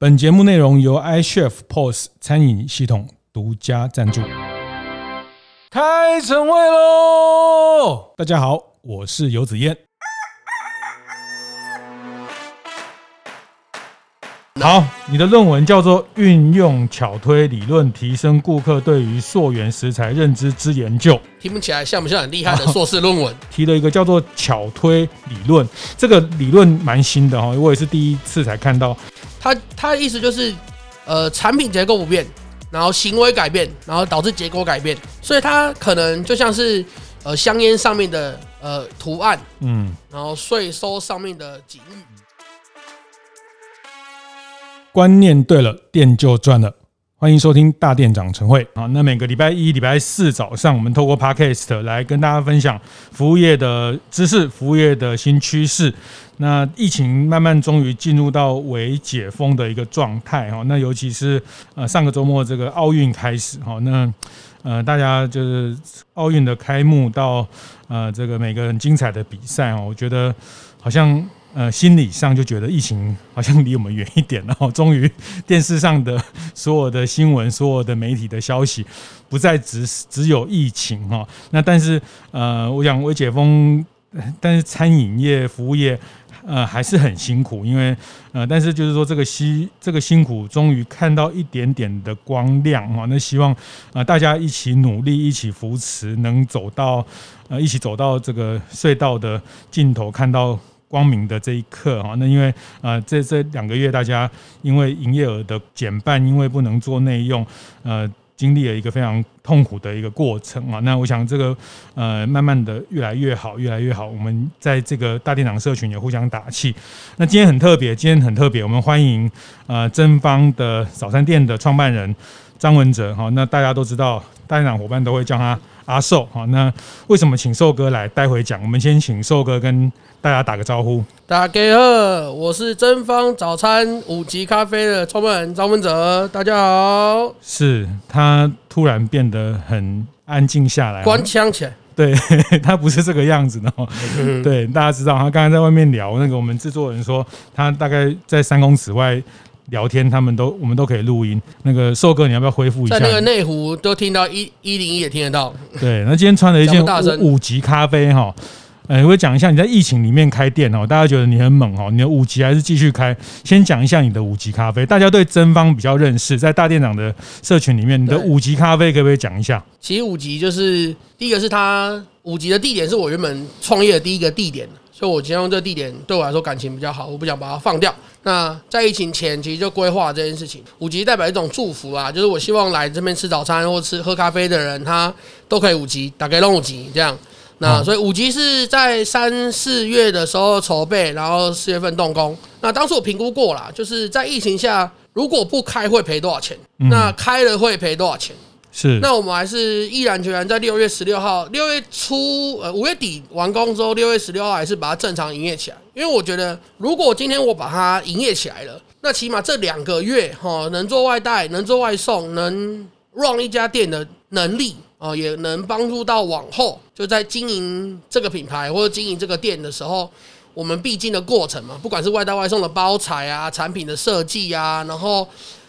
本節目內容由 iChef POS 餐飲系統獨家贊助成位咯。開晨會嘍！大家好，我是尤子彥。好，你的論文叫做《運用巧推理論提升顧客對於溯源食材認知之研究》，聽不起來像不像很厲害的碩士論文？提了一個叫做“巧推理論”，這個理論蠻新的哈，我也是第一次才看到。他他的意思就是，呃，產品結構不變，然後行為改變，然後導致結果改變，所以它可能就像是呃香煙上面的呃圖案，嗯，然後稅收上面的警語，觀念對了，店就賺了。歡迎收聽大店長晨會。好，那每個禮拜一、禮拜四早上，我們透過 Podcast 來跟大家分享服務業的知識、服務業的新趨勢。那疫情慢慢終於進入到微解封的一個狀態哈。那尤其是呃上個周末這個奧運開始哈，那呃大家就是奧運的開幕到呃這個每個很精彩的比賽哦，我覺得好像。呃，心理上就覺得疫情好像離我們遠一點，然後終於電視上的所有的新聞、所有的媒體的消息，不再只是只有疫情哈、哦。那但是呃，我想微解封，但是餐飲業、服務業呃還是很辛苦，因為呃，但是就是說這個辛這個辛苦，終於看到一點點的光亮哈、哦。那希望啊、呃，大家一起努力，一起扶持，能走到呃一起走到這個隧道的盡頭，看到。光明的這一刻哈，那因為呃這這兩個月大家因為營業額的減半，因為不能做內用，呃，經歷了一個非常痛苦的一個過程啊。那我想這個呃慢慢的越來越好，越來越好。我們在這個大店長社群也互相打氣。那今天很特別，今天很特別，我們歡迎呃真芳的早餐店的創辦人張文哲哈。那大家都知道，大店長夥伴都會叫他，阿瘦、啊，那為什麼請瘦哥來？待會講，我們先請瘦哥跟大家打個招呼。大家好，我是真芳早餐五級咖啡的創辦人張文哲，大家好。是他突然變得很安靜下來，關槍起來。他對他不是這個樣子的， 對大家知道，他剛才在外面聊那個，我們製作人說他大概在三公尺外。聊天他們都，我們都可以錄音。那個瘦哥，你要不要恢復一下？在那個內湖都聽到一一零一也聽得到。對，那今天穿了一件五大五級咖啡哈，哎、欸，我講一下你在疫情裡面開店哦，大家覺得你很猛哦，你的五級還是繼續開？先講一下你的五級咖啡，大家對真芳比較認識，在大店長的社群裡面，你的五級咖啡可不可以講一下？其實五級就是第一個是他五級的地點是我原本創業的第一個地點。就我今天用這個地點對我來說感情比較好，我不想把它放掉。那在疫情前其實就規劃這件事情，五級代表一種祝福啊，就是我希望來這邊吃早餐或吃喝咖啡的人，他都可以五級，大概弄五級這樣。那所以五級是在三四月的時候籌備，然後四月份動工。那當時我評估過啦，就是在疫情下如果不開會賠多少錢，那開了會賠多少錢？嗯是，那我們還是毅然決然在六月十六號、六月初、呃、五月底完工之後，六月十六號還是把它正常營業起來。因為我覺得，如果今天我把它營業起來了，那起碼這兩個月哈、哦、能做外帶、能做外送、能 run 一家店的能力啊、哦，也能幫助到往後就在經營這個品牌或者經營這個店的時候，我們必經的過程嘛，不管是外帶外送的包材啊、產品的設計啊，然後。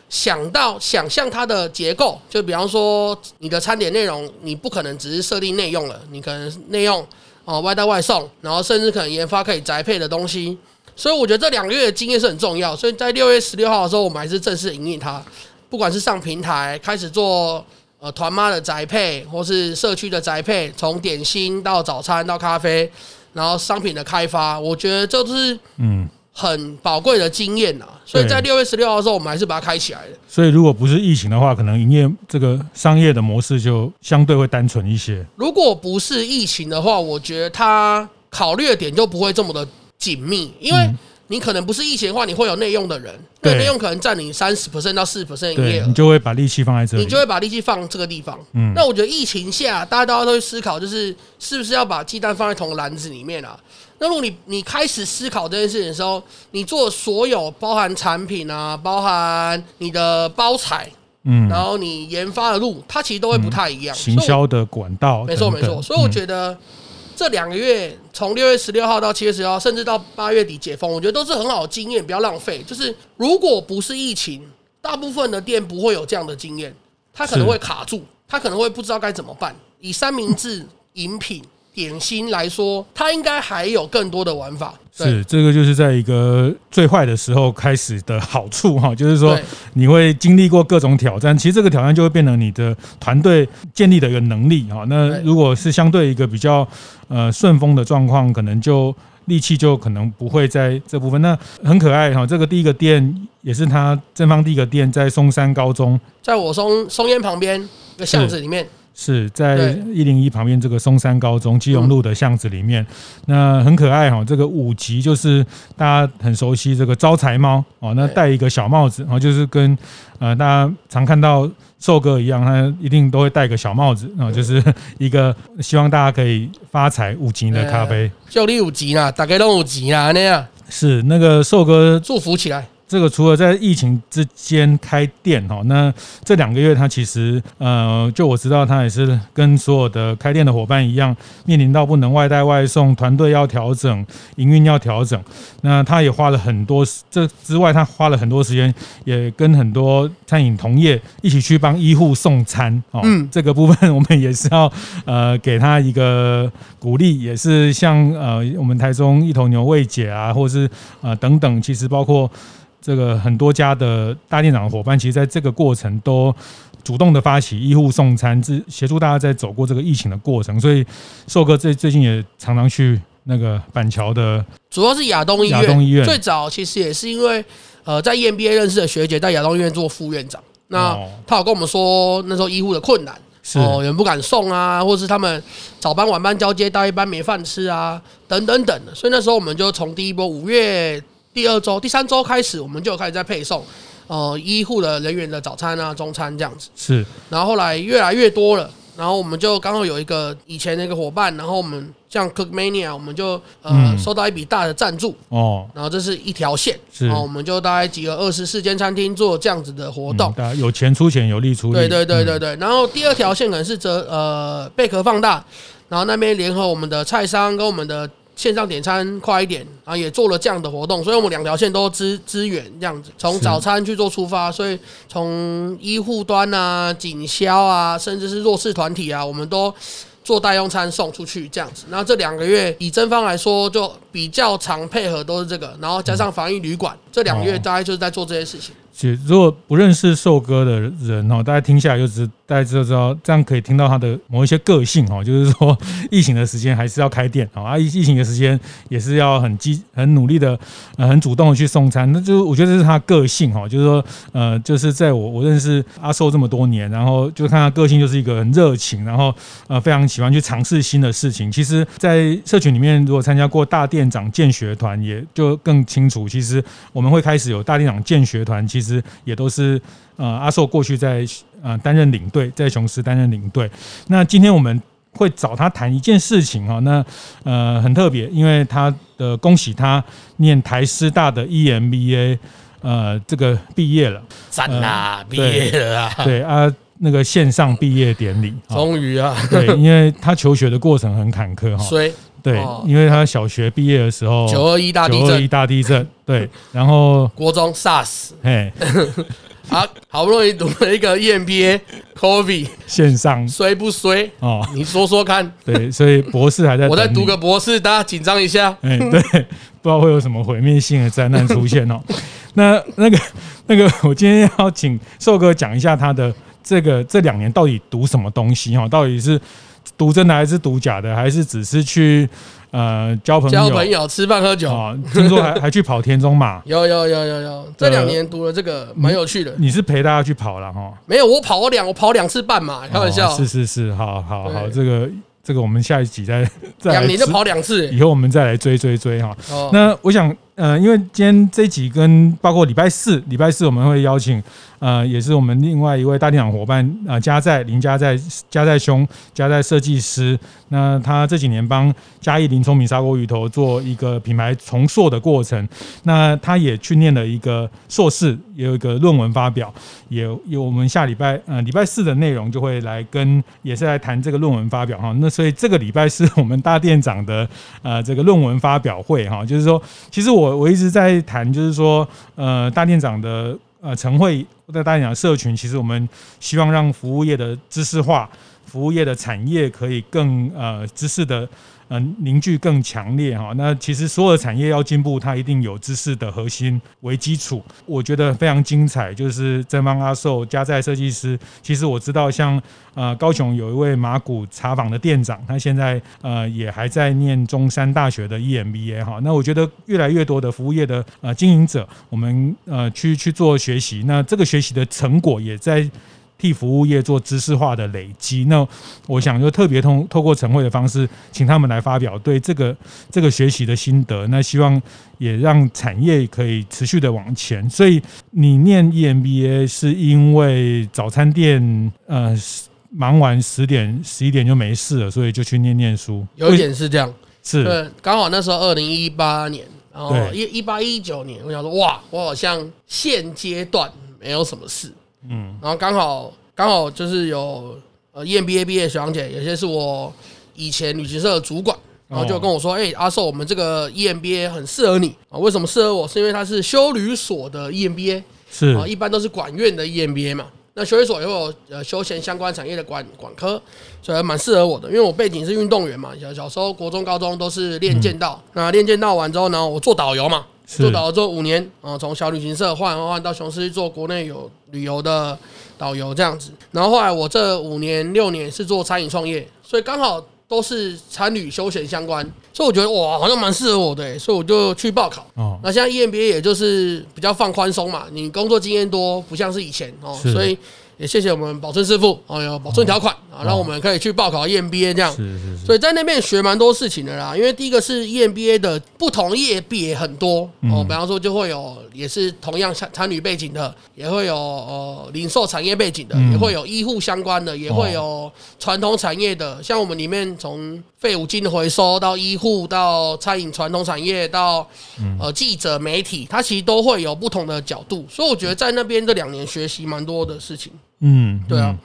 想到想象它的結構，就比方說你的餐點內容，你不可能只是設定內用了，你可能內用哦，外帶外送，然後甚至可能研發可以宅配的東西。所以我覺得這兩個月的經驗是很重要。所以，在六月十六號的時候，我們還是正式營運它，不管是上平台開始做呃團媽的宅配，或是社區的宅配，從點心到早餐到咖啡，然後商品的開發，我覺得這就是嗯。很寶貴的經驗吶，所以在六月十六號的時候，我們還是把它開起來。所以，如果不是疫情的話，可能營業這個商業的模式就相對會單純一些。如果不是疫情的話，我覺得它考慮的點就不會這麼的緊密，因為你可能不是疫情的話，你會有內用的人，對內用可能占領三十%到四%營業，你就會把力氣放在這，你就會把力氣放這個地方。嗯，那我覺得疫情下，大家都會思考，就是是不是要把雞蛋放在同個籃子裡面啊？那如果你你開始思考這件事情的時候，你做所有包含產品啊，包含你的包材，嗯，然後你研發的路，它其實都會不太一樣。嗯、行銷的管道。等等，沒錯沒錯，所以我覺得這兩個月，從六、嗯、月十六號到七月十六號，甚至到八月底解封，我覺得都是很好的經驗，不要浪費。就是如果不是疫情，大部分的店不會有這樣的經驗，他可能會卡住，他是可能會不知道該怎麼辦。以三明治飲品。 點心來說，它應該還有更多的玩法。是，這個就是在一個最壞的時候開始的好處哈，就是說對你會經歷過各種挑戰，其實這個挑戰就會變成你的團隊建立的一個能力哈。那如果是相對一個比較呃順風的狀況，可能就力氣就可能不會在這部分。那很可愛哈，這個第一個店也是他真芳第一個店在松山高中，在我松松煙旁邊的、這個、巷子裡面。是在一零一旁邊這個松山高中基隆路的巷子裡面，嗯、那很可愛哈、喔。這個五吉就是大家很熟悉這個招財貓哦，那戴一個小帽子，然後、欸喔、就是跟呃大家常看到瘦哥一樣，他一定都會戴個小帽子，然、嗯喔、就是一個希望大家可以發財五吉的咖啡。叫你五吉啦，大家都五吉啦那樣、啊。是那個瘦哥祝福起來。這個除了在疫情之間開店哈，那這兩個月他其實呃，就我知道他也是跟所有的開店的夥伴一樣，面臨到不能外帶外送，團隊要調整，營運要調整。那他也花了很多這之外，他花了很多時間，也跟很多餐飲同業一起去幫醫護送餐哦。嗯、這個部分我們也是要呃給他一個鼓勵，也是像呃我們台中一頭牛魏姐啊，或者是啊、呃、等等，其實包括。這個很多家的大店長的夥伴，其實在這個過程都主動的發起醫護送餐，支協助大家在走過這個疫情的過程。所以瘦哥最最近也常常去那個板橋的，主要是亞東醫院。最早其實也是因為呃在 EMBA 認識的學姐在亞東醫院做副院長，那他有跟我們說那時候醫護的困難，是哦，人、呃、不敢送啊，或者是他們早班晚班交接，大夜班沒飯吃啊，等等等的。所以那時候我們就從第一波五月。第二週、第三週開始，我們就開始在配送，呃，醫護的人員的早餐啊、中餐這樣子。是。然後後來越來越多了，然後我們就剛好有一個以前那個夥伴，然後我們像 Cookmania，我們就呃、嗯、收到一筆大的贊助哦。然後這是一條線，是然後我們就大概集合二十四間餐廳做這樣子的活動。嗯、有錢出錢，有力出力。對對對對對。嗯、然後第二條線可能是折呃貝殼放大，然後那邊聯合我們的菜商跟我們的。線上點餐快一點，然後也做了這樣的活動，所以我們兩條線都支支援這樣子，從早餐去做出發，所以從醫護端啊、警消啊，甚至是弱勢團體啊，我們都做代用餐送出去這樣子。那這兩個月以真芳來說就比較常配合都是這個，然後加上防疫旅館，這兩個月大概就是在做這些事情。如果不認識瘦哥的人哦，大家聽下來就知，大家就知道，這樣可以聽到他的某一些個性哦，就是說疫情的時間還是要開店啊，疫、疫情的時間也是要很積很努力的，呃，很主動的去送餐，那就我覺得這是他個性哦，就是說呃，就是在我、我認識阿瘦這麼多年，然後就看他個性就是一個很熱情，然後呃非常喜歡去嘗試新的事情。其實，在社群裡面，如果參加過大店長見學團，也就更清楚，其實我們會開始有大店長見學團，其實。也都是呃，阿壽過去在呃擔任領隊，在雄獅擔任領隊。那今天我們會找他談一件事情啊、哦，那呃很特別，因為他的、呃、恭喜他念台師大的 EMBA 呃，這個畢業了，真、呃啊呃、啦，畢業了，對啊，那個線上畢業典禮， 終於啊、哦，對，因為他求學的過程很坎坷哈，所以對，因為他小學畢業的時候，九二一大地震，九二一大地震， 對，然後國中 SARS，嘿， 啊，好不容易讀了一個 EMBA，COVID 線上衰不衰？哦，你說說看。對，所以博士還在，我在讀個博士，大家緊張一下。嗯，對，不知道會有什麼毀滅性的災難出現哦。 那那個那個，那個、我今天要請瘦哥講一下他的這個這兩年到底讀什麼東西哈、哦？到底是。讀真的還是讀假的，還是只是去呃交朋友、交朋友、朋友吃飯喝酒，哦？聽說還還去跑田中馬有有有有有，有有有呃、這兩年讀了這個、嗯、蠻有趣的。你是陪大家去跑了哈？哦、沒有，我跑了兩我跑了兩次半馬，開玩笑，哦哦。是是是，好好對好，這個這個我們下一集再再。兩年就跑兩次，以後我們再來追追追哈。哦哦、那我想。呃，因為今天這一集跟包括禮拜四，禮拜四我們會邀請，呃，也是我們另外一位大店長夥伴，呃，嘉載、林嘉載、嘉載兄，嘉載設計師，那他這幾年幫嘉義林聰明沙鍋魚頭做一個品牌重塑的過程，那他也去念了一個碩士，也有一個論文發表，也有我們下禮拜，呃，禮拜四的內容就會來跟也是來談這個論文發表哈，那所以這個禮拜是我們大店長的呃這個論文發表會哈，就是說其實我。我一直在談，就是說，呃，大店長的呃晨會，在大店長的社群，其實我們希望讓服務業的知識化，服務業的產業可以更呃知識的。嗯、呃，凝聚更強烈哈、哦。那其實所有的產業要進步，它一定有知識的核心為基礎。我覺得非常精彩，就是正邦阿壽、家在設計師。其實我知道像，像呃高雄有一位麻古茶坊的店長，他現在呃也還在念中山大學的 EMBA 哈、哦。那我覺得越來越多的服務業的呃經營者，我們呃去去做學習，那這個學習的成果也在。替服務業做知識化的累積，那我想就特別通透過晨會的方式，請他們來發表對這個這個學習的心得，那希望也讓產業可以持續的往前。所以你念 EMBA 是因為早餐店呃忙完十點十一點就沒事了，所以就去念念書。有一點是這樣，是，是，呃，剛好那時候二零一八年，然後一一八一九年，我想說哇，我好像現階段沒有什麼事。嗯，然後剛好剛好就是有呃 EMBA 畢業學長姐，有些是我以前旅行社的主管，然後就跟我說，哎、哦欸，阿瘦，我們這個 EMBA 很適合你啊。為什麼適合我是？是因為它是休旅所的 EMBA，是啊，一般都是管院的 EMBA 嘛。那休旅所也會有呃休閒相關產業的管管科，所以還蠻適合我的，因為我背景是運動員嘛，小小時候國中、高中都是練劍道。嗯、那練劍道完之後呢，然後我做導遊嘛。做導遊做五年，嗯、哦，從小旅行社換換換到雄獅做國內有旅遊的導遊這樣子，然後後來我這五年六年是做餐飲創業，所以剛好都是餐旅休閒相關，所以我覺得哇，好像蠻適合我的，所以我就去報考。哦、那現在 EMBA 也就是比較放寬鬆嘛，你工作經驗多，不像是以前哦，是所以。也謝謝我們保尊師傅，哎、哦、有保尊條款、哦、啊，讓我們可以去報考 EMBA 這樣，哦哦、是是是所以在那邊學蠻多事情的啦。因為第一個是 EMBA 的不同業別很多哦，嗯、比方說就會有也是同樣參與背景的，也會有呃零售產業背景的，嗯、也會有醫護相關的，也會有傳統產業的，哦、像我們裡面從廢五金的回收到醫護到餐飲傳統產業到、嗯、呃記者媒體，它其實都會有不同的角度，所以我覺得在那邊這兩年學習蠻多的事情。嗯，對啊，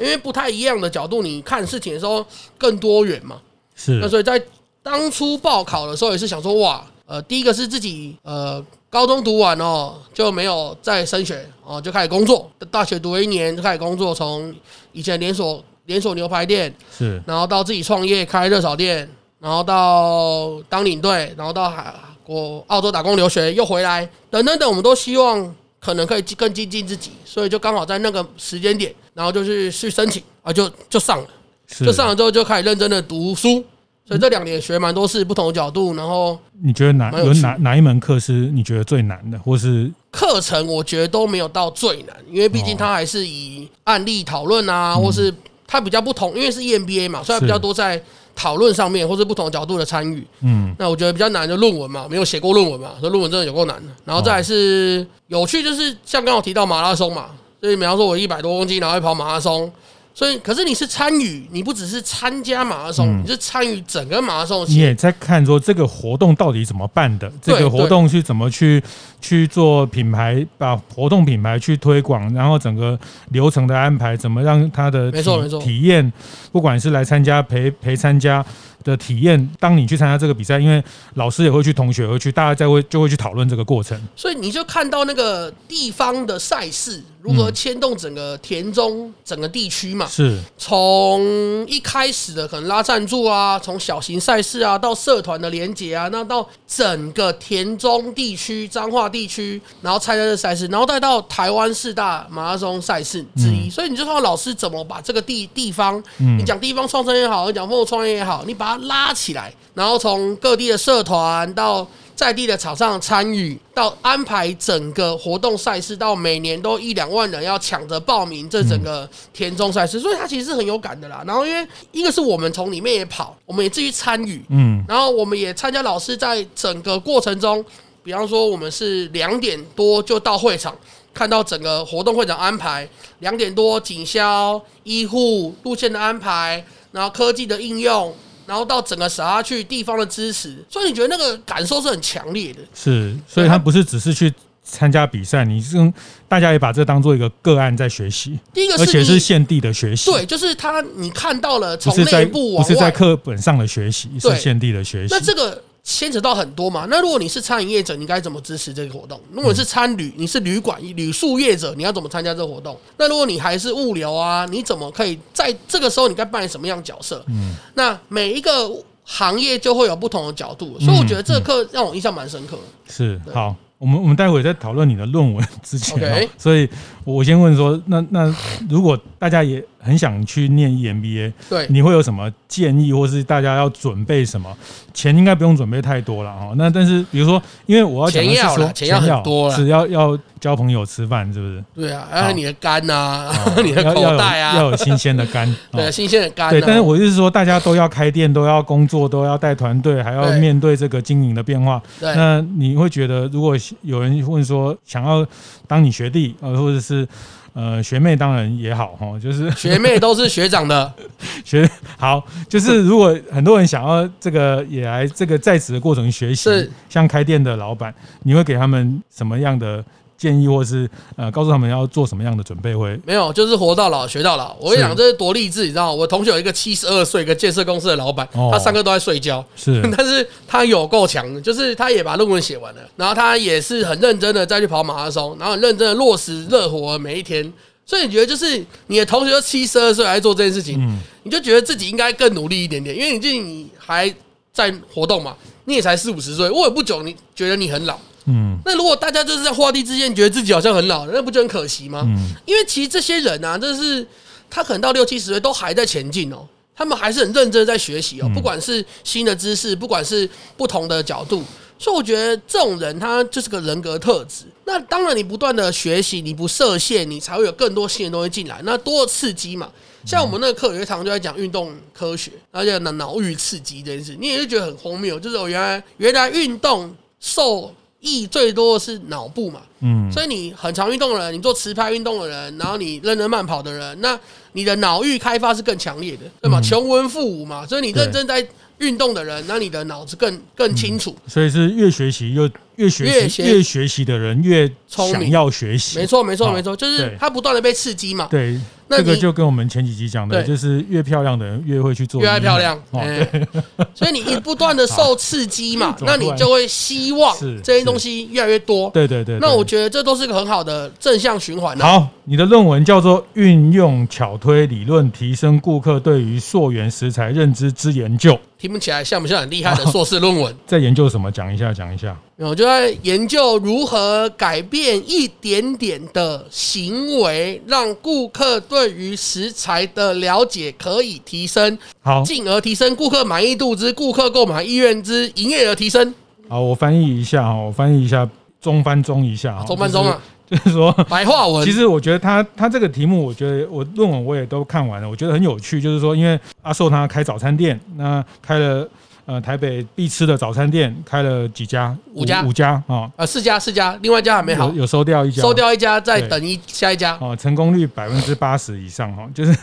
因為不太一樣的角度，你看事情的時候更多元嘛。是，那所以在當初報考的時候也是想說，哇，呃，第一個是自己呃高中讀完哦、喔、就沒有再升學哦、啊，就開始工作，大學讀一年就開始工作，從以前連鎖連鎖牛排店是，然後到自己創業開熱炒店，然後到當領隊，然後到海國澳洲打工留學又回來，等等等，我們都希望。可能可以更精進自己，所以就剛好在那個時間點，然後就是去，去申請啊，就就上了，是就上了之後就開始認真的讀書，所以這兩年學蠻多事，不同的角度。然後你覺得哪、嗯、有，有哪哪一門課是你覺得最難的，或是課程？我覺得都沒有到最難，因為畢竟它還是以案例討論啊，哦、或是它比較不同，因為是 EMBA 嘛，所以它比較多在。討論上面或是不同角度的參與，嗯，那我覺得比較難的論文嘛，沒有寫過論文嘛，所以論文真的有夠難的。然後再來是、哦、有趣，就是像剛剛我提到馬拉松嘛，所以比方說我一百多公斤，然後去跑馬拉松。所以，可是你是參與，你不只是參加馬拉松，嗯、你是參與整個馬拉松。你也在看說，這個活動到底怎麼辦的，對這個活動是怎麼去去做品牌，把活動品牌去推廣，然後整個流程的安排，怎麼讓他的沒錯沒錯、體驗，不管是來參加陪陪參加。的體驗，當你去參加這個比賽，因為老師也會去，同學也會去，大家在會就會去討論這個過程。所以你就看到那個地方的賽事如何牽動整個田中、嗯、整個地區嘛？是。從一開始的可能拉贊助啊，從小型賽事啊，到社團的連結啊，那到整個田中地區彰化地區，然後參加這賽事，然後再到台灣四大馬拉松賽事之一。嗯所以你就說老師怎麼把這個地地方，嗯、你講地方創生也好，講本創業也好，你把它拉起來，然後從各地的社團到在地的場上參與，到安排整個活動賽事，到每年都一兩萬人要搶着報名，這整個田中賽事，嗯、所以它其實是很有感的啦。然後因為一個是我們從裡面也跑，我們也繼續參與，嗯，然後我們也參加老師在整個過程中，比方說我們是兩點多就到會場。看到整個活動會的安排，兩點多警消醫護路線的安排，然後科技的應用，然後到整個啥去地方的支持，所以你覺得那個感受是很強烈的。是，所以他不是只是去參加比賽，對你是大家也把這當作一個個案在學習。第一個是，而且是現地的學習。對，就是他，你看到了從內部，不是在課本上的學習，對是現地的學習。那這個。牽扯到很多嘛，那如果你是餐飲業者，你該怎麼支持這個活動？如果你是餐旅，你是旅館旅宿業者，你要怎麼參加這個活動？那如果你還是物流啊，你怎麼可以在這個時候，你該扮演什麼樣的角色？嗯，那每一個行業就會有不同的角度，嗯、所以我覺得這個課讓我印象蠻深刻。是對好，我們我們待會再討論你的論文之前，Okay. 所以。我先問說，那那如果大家也很想去念 EMBA，對，你會有什麼建議，或是大家要準備什麼？錢應該不用準備太多了哦。那但是比如說，因為我要的是錢要了，錢要多了，是要要交朋友吃飯，是不是？對啊，還、啊、有你的肝啊，啊你的口袋啊，要，要有，要有新鮮的肝， 對、啊，新鮮的肝、啊嗯。對，但是我就是說，大家都要開店，都要工作，都要帶團隊，還要面對這個經營的變化。對那你會覺得，如果有人問說，想要當你學弟，呃、啊，或者是、是就是，呃，學妹當然也好哈，就是學妹都是學長的 學。好，就是如果很多人想要這個也來這個在職的過程學習，是像開店的老闆，你會給他們什麼樣的？建議或是呃，告訴他們要做什麼樣的準備會？會沒有，就是活到老學到老。我跟你講，這是多勵志，你知道嗎我同學有一個七十二歲，一個建設公司的老板，哦、他上課都在睡覺，是，但是他有夠強，就是他也把論文寫完了，然後他也是很認真的再去跑馬拉松，然後很認真的落實熱火每一天。所以你覺得，就是你的同學都七十二歲還做這件事情，嗯、你就覺得自己應該更努力一點點，因為你最近你還在活動嘛，你也才四五十歲，我也不久你覺得你很老。嗯，那如果大家就是在畫地之間覺得自己好像很老，那不就很可惜嗎？嗯，因為其實這些人啊，就是他可能到六七十歲都還在前進哦、喔，他們還是很認真在學習哦、喔，嗯、不管是新的知識，不管是不同的角度，所以我覺得這種人他就是個人格特質。那當然你，你不斷的學習，你不設限，你才會有更多新的東西進來，那多刺激嘛。像我們那個課，有一堂就在講運動科學，而且腦腦域刺激這件事，你也是覺得很荒謬，就是我原來原來運動受益最多的是腦部嘛，嗯，所以你很常運動的人，你做持拍運動的人，然後你認真慢跑的人，那你的腦域開發是更強烈的，對嗎？嗯、窮文富武嘛，所以你認真在。運動的人，讓你的腦子更更清楚。所以是越學習，越越越學習的人越聰明，要學習。沒錯，沒錯，沒錯，就是他不斷的被刺激嘛。對，那個就跟我們前幾集講的，就是越漂亮的人越會去做，越漂亮。所以你一不斷的受刺激嘛，那你就會希望這些東西越來越多。對對對。那我覺得這都是個很好的正向循環。好，你的論文叫做《運用巧推理論提升顧客對於溯源食材認知之研究》。聽不起來像不像很厲害的碩士論文？在研究什麼？講一下，講一下。我就在研究如何改變一點點的行為，讓顧客對於食材的了解可以提升，好，進而提升顧客滿意度之顧客購買意願之營業額提升。好，我翻譯一下啊，我翻譯一下，中翻中一下，中翻中啊。就是說白話文，其實我覺得他他這個題目，我覺得我論文我也都看完了，我覺得很有趣。就是說，因為阿壽他開早餐店，那開了。呃，台北必吃的早餐店開了幾家？五家，五家啊，哦、呃，四家，四家，另外一家還沒好，有，有收掉一家，收掉一家，再等一對下一家。哦、呃，成功率百分之八十以上哈、哦，就是，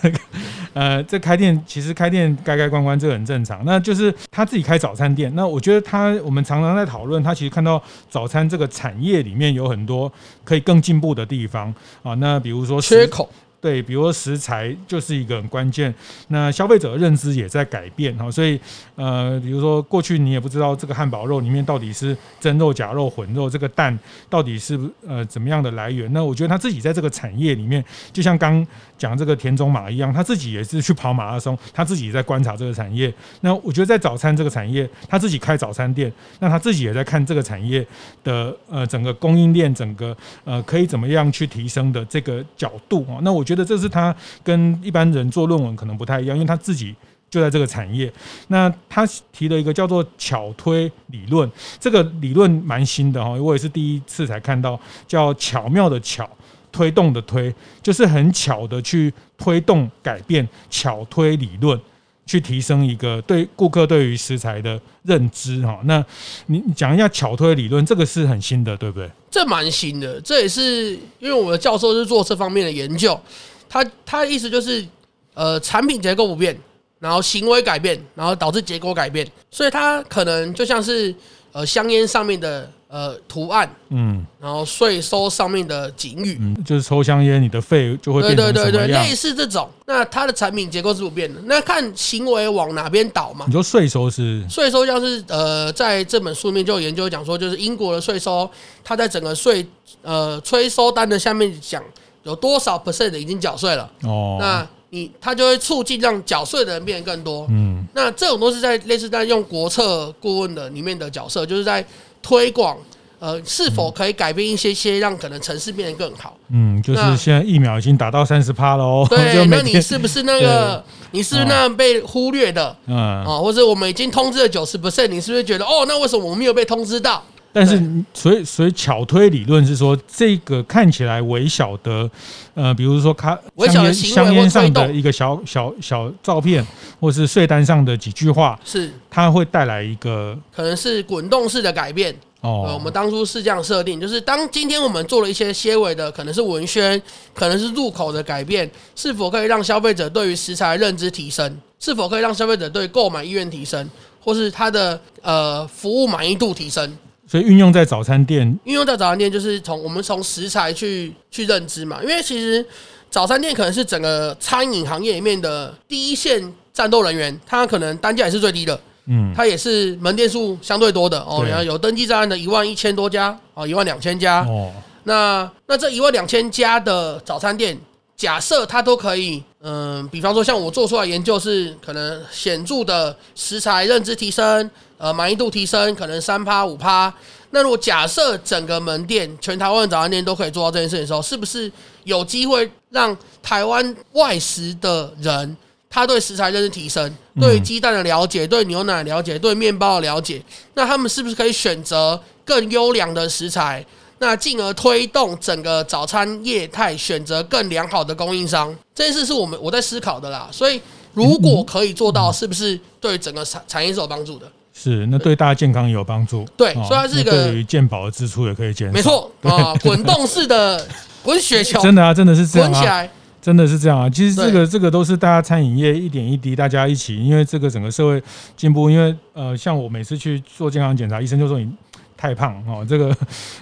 呃，這開店其實開店該該關關這個很正常。那就是他自己開早餐店，那我覺得他我們常常在討論，他其實看到早餐這個產業裡面有很多可以更進步的地方啊、哦。那比如說缺口。對，比如說食材就是一個很關鍵，那消費者的認知也在改變哈，所以呃，比如說過去你也不知道這個漢堡肉裡面到底是真肉假肉混肉，這個蛋到底是呃怎麼樣的來源。那我覺得他自己在這個產業裡面，就像剛講這個田中馬一樣，他自己也是去跑馬拉松，他自己在觀察這個產業。那我覺得在早餐這個產業，他自己開早餐店，那他自己也在看這個產業的呃整個供應鏈，整個呃可以怎麼樣去提升的這個角度啊。那我。覺得這是他跟一般人做論文可能不太一樣，因為他自己就在這個產業。那他提了一個叫做“巧推理論”，這個理論蠻新的哈，我也是第一次才看到，叫巧妙的巧，推動的推，就是很巧的去推動改變，巧推理論。去提升一個對顧客對於食材的認知哈、哦，那你你講一下巧推理論，這個是很新的，對不對？這蠻新的，這也是因為我的教授是做這方面的研究，他他的意思就是，呃，產品結構不變，然後行為改變，然後導致結果改變，所以它可能就像是呃香菸上面的。呃，圖案，嗯，然後稅收上面的警語，嗯，就是抽香煙，你的肺就會變成對對，對，對，對什麼樣，類似這種，那它的產品結構是不變的，那看行為往哪邊倒嘛。你說稅收是稅收，像是呃，在這本書裡面就有研究講說，就是英國的稅收，它在整個稅呃催收單的下面講有多少 percent 已經繳稅了。哦，那你它就會促進讓繳稅的人變得更多。嗯，那這種都是在類似在用國策顧問的裡面的角色，就是在。推廣，呃，是否可以改變一些些，讓可能城市變得更好？嗯，就是現在疫苗已經達到三十趴了哦。那對，那你是不是那個？對對對，你是不是那被忽略的？哦、嗯啊，或者我們已經通知了九十趴你是不是覺得哦？那為什麼我們沒有被通知到？但是，所以所以巧推理論是說，這個看起來微小的，呃，比如說它微小的行為，我主動，香煙上的一個小小小，小照片， 或是稅單上的幾句話，是 它會帶來一個可能是滾動式的改變哦、呃。我們當初是這樣設定，就是當今天我們做了一些些微的，可能是文宣，可能是入口的改變，是否可以讓消費者對於食材的認知提升？是否可以讓消費者對購買意願提升？或是他的呃服務滿意度提升？所以運用在早餐店，運用在早餐店就是從我們從食材去去認知嘛，因為其實早餐店可能是整個餐飲行業裡面的第一線戰鬥人員，它可能單價也是最低的，嗯，它也是門店數相對多的對哦，然後有登記在案的一萬一千多家，千家哦，一萬兩千家哦，那那這一萬兩千家的早餐店，假設它都可以，嗯、呃，比方說像我做出來研究是可能顯著的食材認知提升。呃，滿意度提升可能三趴五趴。那如果假設整個門店全台灣的早餐店都可以做到這件事情的時候，是不是有機會讓台灣外食的人，他對食材認知提升，嗯、對雞蛋的了解，對牛奶的了解，對麵包的了解，那他們是不是可以選擇更優良的食材？那進而推動整個早餐業態選擇更良好的供應商？這件事是我們我在思考的啦。所以如果可以做到，嗯、是不是對整個產產業是有幫助的？是，那對大家健康也有幫助。對，所以它是一個對於健保的支出也可以減少。沒錯錯啊，滾對、哦、動式的滾雪球。 真的啊，真的是這樣。滾起來真的是這樣啊。其實這個對這個都是大家餐飲業一點一滴，大家一起，因為這個整個社會進步。因為呃，像我每次去做健康檢查，醫生就說你太胖哦，這個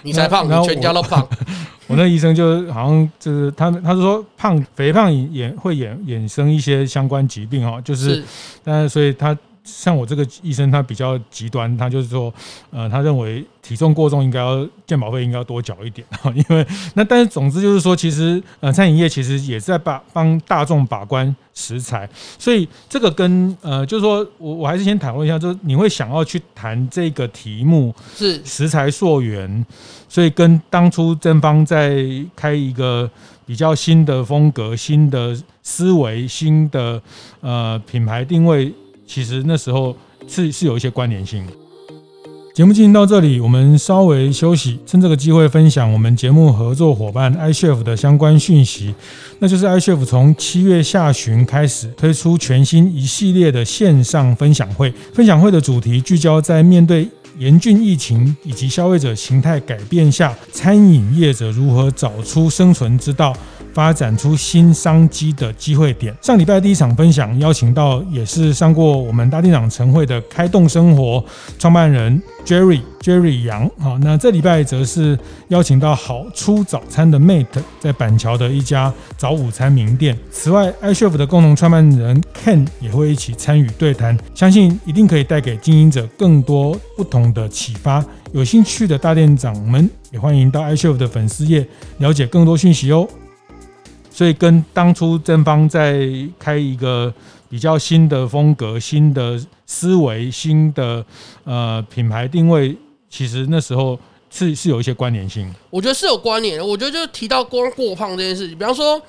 你才胖，然後全家都胖。 我那醫生就好像就是他，他是說胖肥胖也也會衍衍生一些相關疾病哦。就是，是但是所以他。像我這個醫生，他比較極端，他就是說，呃，他認為體重過重應該要健保費應該要多繳一點，因為那但是總之就是說，其實呃餐飲業其實也是在把幫大眾把關食材，所以這個跟呃就是說我我還是先討論一下，就是你會想要去談這個題目是食材溯源，所以跟當初真芳在開一個比較新的風格、新的思維、新的呃品牌定位，其實那時候是是有一些關聯性的。節目進行到這裡，我們稍微休息，趁這個機會分享我們節目合作夥伴 iCHEF 的相關訊息。那就是 iCHEF 從七月下旬開始推出全新一系列的線上分享會，分享會的主題聚焦在面對嚴峻疫情以及消費者形態改變下，餐飲業者如何找出生存之道。發展出新商機的機會點。上禮拜第一場分享邀請到也是上過我們大店長晨會的開動生活創辦人 Jerry, Jerry Jerry 楊好，那這禮拜則是邀請到好出早餐的 Mate 在板橋的一家早午餐名店。此外，iCHEF 的共同創辦人 Ken 也會一起參與對談，相信一定可以帶給經營者更多不同的啟發。有興趣的大店長們也歡迎到 iCHEF 的粉絲頁了解更多訊息哦。所以跟當初真芳在開一個比較新的風格、新的思維、新的呃品牌定位，其實那時候是是有一些關聯性。我覺得是有關聯。我覺得就是提到過過胖這件事情，比方說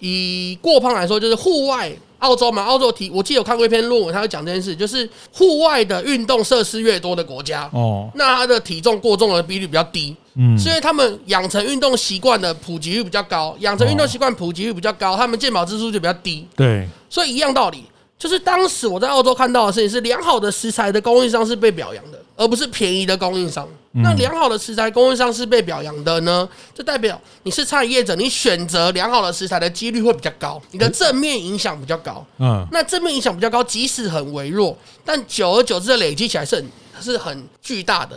以過胖來說，就是戶外澳洲嘛，澳洲體我記得有看過一篇論文，它會講這件事，就是戶外的運動設施越多的國家，哦，那他的體重過重的比率比較低。嗯，所以他們養成運動習慣的普及率比較高，養成運動習慣普及率比較高，哦、他們健保支出就比較低。對，所以一樣道理，就是當時我在澳洲看到的事情是，良好的食材的供應商是被表揚的，而不是便宜的供應商。嗯、那良好的食材供應商是被表揚的呢，就代表你是餐飲業者，你選擇良好的食材的幾率會比較高，你的正面影響比較高。嗯，那正面影響比較高，即使很微弱，但久而久之的累積起來是很是很巨大的。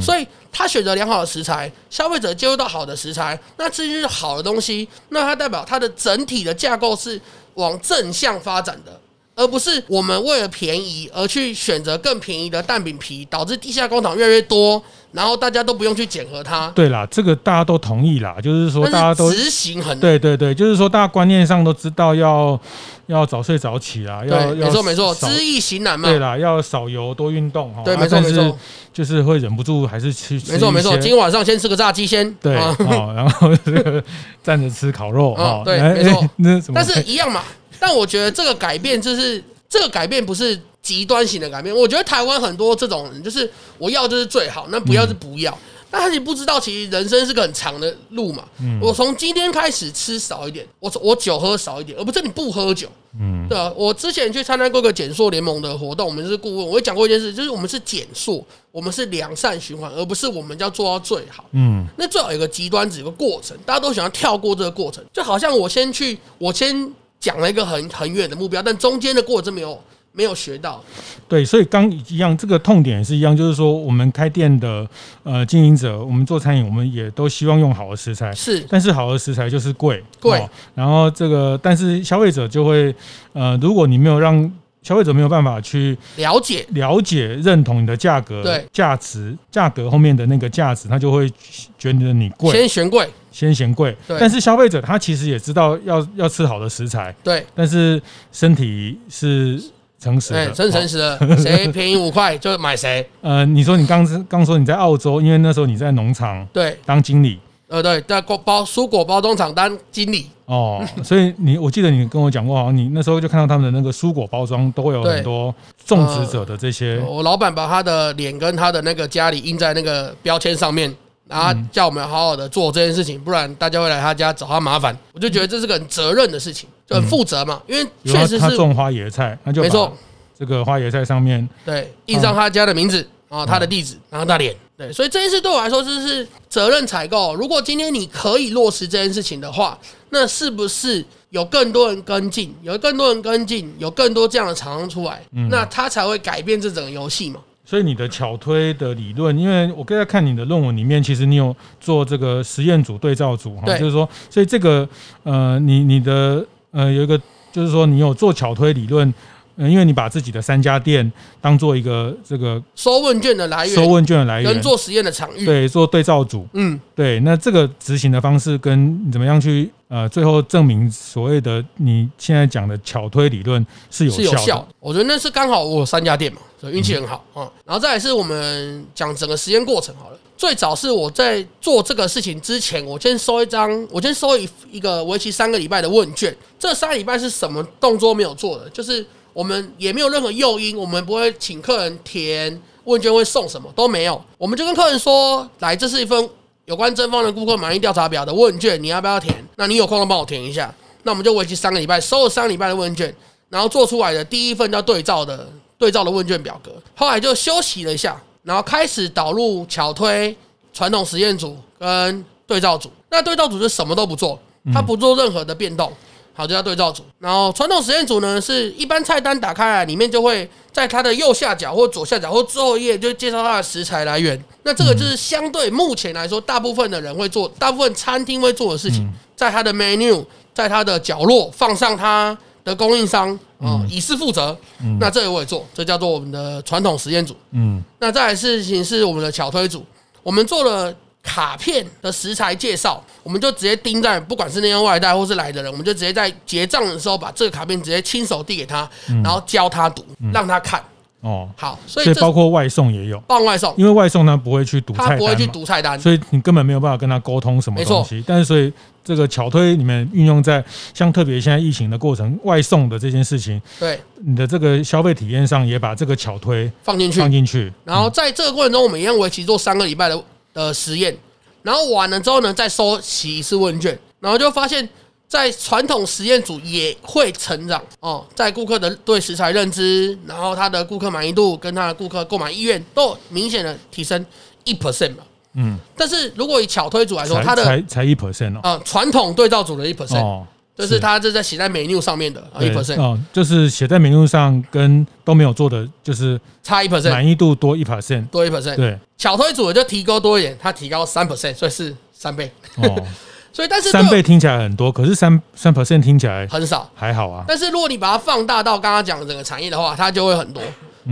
所以，他選擇良好的食材，消費者接受到好的食材，那這就是好的東西。那它代表它的整體的架構是往正向發展的，而不是我們為了便宜而去選擇更便宜的蛋餅皮，導致地下工廠越來越多。然後大家都不用去檢核它。對啦，這個大家都同意啦，就是說大家都執行很難。對對對，就是說大家觀念上都知道要要早睡早起啦，要沒錯沒錯，知易行難嘛。對啦，要少油多運動哈。對，沒錯沒錯，就是會忍不住還是去。沒錯沒錯，今天晚上先吃個炸雞先。對好，然後這個站着吃烤肉啊，對沒錯。那什麼？但是一樣嘛。但我覺得這個改變就是這個改變不是極端型的改變，我覺得台灣很多這種人，就是我要就是最好，那不要是不要。嗯、但你不知道，其實人生是個很長的路嘛。嗯、我從今天開始吃少一點，我我酒喝少一點，而不是你不喝酒。嗯，對啊。我之前去參加過個減塑聯盟的活動，我們是顧問，我也講過一件事，就是我們是減塑，我們是良善循環，而不是我們要做到最好。嗯，那最好有一個極端，只有一個過程，大家都想要跳過這個過程，就好像我先去，我先講了一個很很遠的目標，但中間的過程沒有。沒有學到，對，所以剛一樣，這個痛點也是一樣，就是說，我們開店的呃經營者，我們做餐飲，我們也都希望用好的食材，是，但是好的食材就是貴，貴貴、哦，然後這個，但是消費者就會呃，如果你沒有讓消費者沒有辦法去了解、了解、認同你的價格、對價值、價格後面的那個價值，他就會覺得你貴，先嫌貴，先嫌貴，對但是消費者他其實也知道要要吃好的食材，對，但是身體是。誠實的、欸，真誠實的，誰、哦、便宜五塊就買誰。呃，你說你剛剛說你在澳洲，因為那時候你在農場對當經理，呃，對，在包包蔬果包裝廠當經理。哦，所以你，我記得你跟我講過，哦，你那時候就看到他們的那個蔬果包裝都會有很多種植者的這些。呃、我老板把他的臉跟他的那個家裡印在那個標籤上面。然後叫我們好好的做這件事情，不然大家會來他家找他麻煩。我就覺得這是個很責任的事情，就很負責嘛，因為確實是種花椰菜，那就沒錯。這個花椰菜上面對印上他家的名字啊，他的地址，然後他臉，對，所以這件事對我來說就是責任採購。如果今天你可以落實這件事情的話，那是不是有更多人跟進，有更多人跟進，有更多這樣的廠商出來，那他才會改變這整個遊戲嘛？所以你的巧推的理論，因為我剛才看你的論文裡面，其實你有做這個實驗組對照組，哈對，就是說，所以這個呃，你你的呃有一個，就是說你有做巧推理論。嗯，因為你把自己的三家店當做一個這個收問卷的來源，收問卷的來源，跟做實驗的場域，對，做對照組，嗯，對。那這個執行的方式跟你怎麼樣去呃，最後證明所謂的你現在講的巧推理論是有效的？我覺得那是剛好我有三家店嘛，所以運氣很好啊。然後再來是我們講整個實驗過程好了。最早是我在做這個事情之前，我先收一張，我先收一一個為期三個禮拜的問卷。這三個禮拜是什麼動作沒有做的，就是。我們也沒有任何誘因，我們不會請客人填問卷，會送什麼都沒有，我們就跟客人說：“來，這是一份有關真芳的顧客滿意調查表的問卷，你要不要填？那你有空就幫我填一下。”那我們就為期三個禮拜，收了三個禮拜的問卷，然後做出來的第一份叫對照的對照的問卷表格。後來就休息了一下，然後開始導入巧推傳統實驗組跟對照組。那對照組是什麼都不做，他不做任何的變動。嗯好，就叫對照組。然後傳統實驗組呢，是一般菜單打開來，裡面就會在它的右下角或左下角或最後一頁，就介紹它的食材來源。那這個就是相對目前來說，大部分的人會做，大部分餐廳會做的事情，在它的 menu，在它的角落放上它的供應商，啊、嗯，以示負責。嗯、那這個我也做，這叫做我們的傳統實驗組。嗯。那再來事情是我們的巧推組，我們做了。卡片的食材介紹，我們就直接盯在不管是那些外帶或是來的人，我們就直接在結賬的時候把這個卡片直接親手遞給他，然後教他讀，讓他看。哦，好，所以包括外送也有幫外送，因為外送他不會去讀菜單，他不會去讀菜單，所以你根本沒有辦法跟他溝通什麼東西。但是所以這個巧推你們運用在像特別現在疫情的過程外送的這件事情，對你的這個消費體驗上也把這個巧推放進去，放進去。然後在這個過程中，我們一樣為期做三個禮拜的。的實驗，然後完了之後呢，再收集一次問卷，然後就發現，在傳統實驗組也會成長哦，在顧客的對食材認知，然後他的顧客滿意度跟他的顧客購買意願都明顯的提升一 percent 了嘛。嗯，但是如果以巧推組來說，他的才才一 percent 哦，啊、哦，傳統對照組的一 percent。哦就是它是在寫在 menu 上面的啊，一 percent 啊，就是寫在 menu 上跟都沒有做的，就是差一 percent，滿意度多一 percent，多一 percent，對，巧推組的就提高多一點，它提高三 percent，所以是三倍，哦、 所以但是三倍聽起來很多，可是三三 percent 聽起來很少，還好啊。但是如果你把它放大到剛剛講的整個產業的話，它就會很多。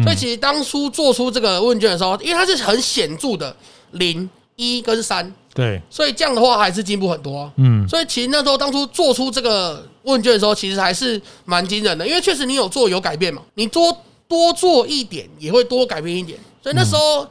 所以其實當初做出這個問卷的時候，因為它是很顯著的零一跟三。對，所以這樣的話還是進步很多。嗯，所以其實那時候當初做出這個問卷的時候，其實還是蠻驚人的，因為確實你有做有改變嘛，你多多做一點也會多改變一點。所以那時候